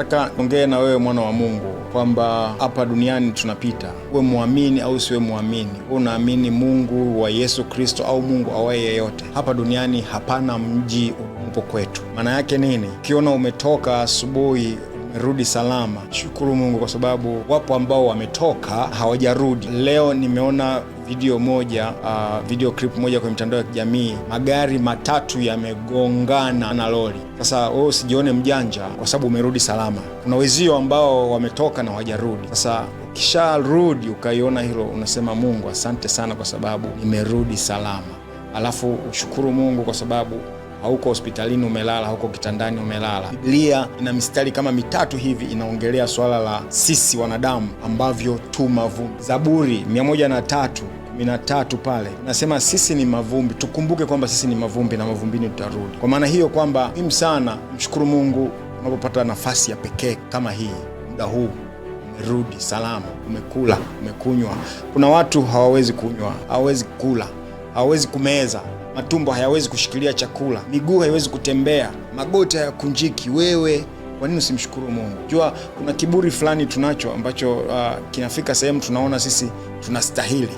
Nataka ongee na wewe mwana wa Mungu kwamba hapa duniani tunapita, uwe mwamini au usiwe mwamini, uwe unaamini Mungu wa Yesu Kristo au Mungu awaye yeyote, hapa duniani hapana mji upo kwetu. Maana yake nini? Ukiona umetoka asubuhi rudi salama. Shukuru Mungu kwa sababu wapo ambao wametoka hawajarudi. Leo nimeona video moja uh, video clip moja kwenye mitandao ya kijamii, magari matatu yamegongana na lori. Sasa wewe usijione mjanja kwa sababu umerudi salama. Kuna wezio ambao wametoka na hawajarudi. Sasa ukisharudi ukaiona hilo, unasema Mungu asante sana kwa sababu nimerudi salama, alafu ushukuru Mungu kwa sababu hauko hospitalini umelala, hauko kitandani umelala. Biblia ina mistari kama mitatu hivi inaongelea swala la sisi wanadamu ambavyo tu mavumbi. Zaburi 103 na tatu pale nasema sisi ni mavumbi, tukumbuke kwamba sisi ni mavumbi na mavumbini tutarudi. Kwa maana hiyo kwamba muhimu sana mshukuru Mungu unapopata nafasi ya pekee kama hii, muda huu umerudi salama, umekula, umekunywa. Kuna watu hawawezi kunywa, hawawezi kula hawawezi kumeza, matumbo hayawezi kushikilia chakula, miguu haiwezi kutembea, magoti hayakunjiki, wewe kwa nini usimshukuru Mungu? Jua kuna kiburi fulani tunacho ambacho uh, kinafika sehemu tunaona sisi tunastahili,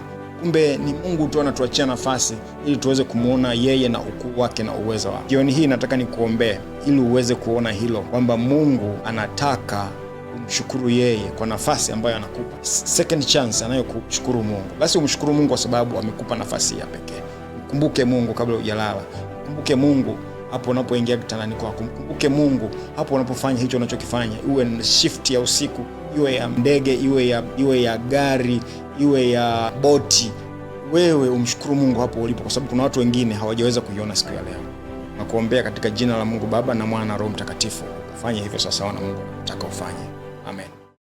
kumbe ni Mungu tu anatuachia nafasi ili tuweze kumwona yeye na ukuu wake na uwezo wake. Jioni hii nataka nikuombee ili uweze kuona hilo kwamba Mungu anataka umshukuru yeye kwa nafasi ambayo anakupa, second chance anayokushukuru Mungu. Basi umshukuru Mungu kwa sababu amekupa nafasi ya pekee. Mkumbuke Mungu kabla hujalala, mkumbuke Mungu hapo unapoingia kitandani kwako, mkumbuke Mungu hapo unapofanya hicho unachokifanya, iwe shift ya usiku, iwe ya ndege, iwe ya, iwe ya gari, iwe ya boti, wewe umshukuru Mungu hapo ulipo, kwa sababu kuna watu wengine hawajaweza kuiona siku ya leo. Nakuombea katika jina la Mungu Baba na Mwana na Roho Mtakatifu, ufanye hivyo sasa, wana Mungu nataka ufanye Amén.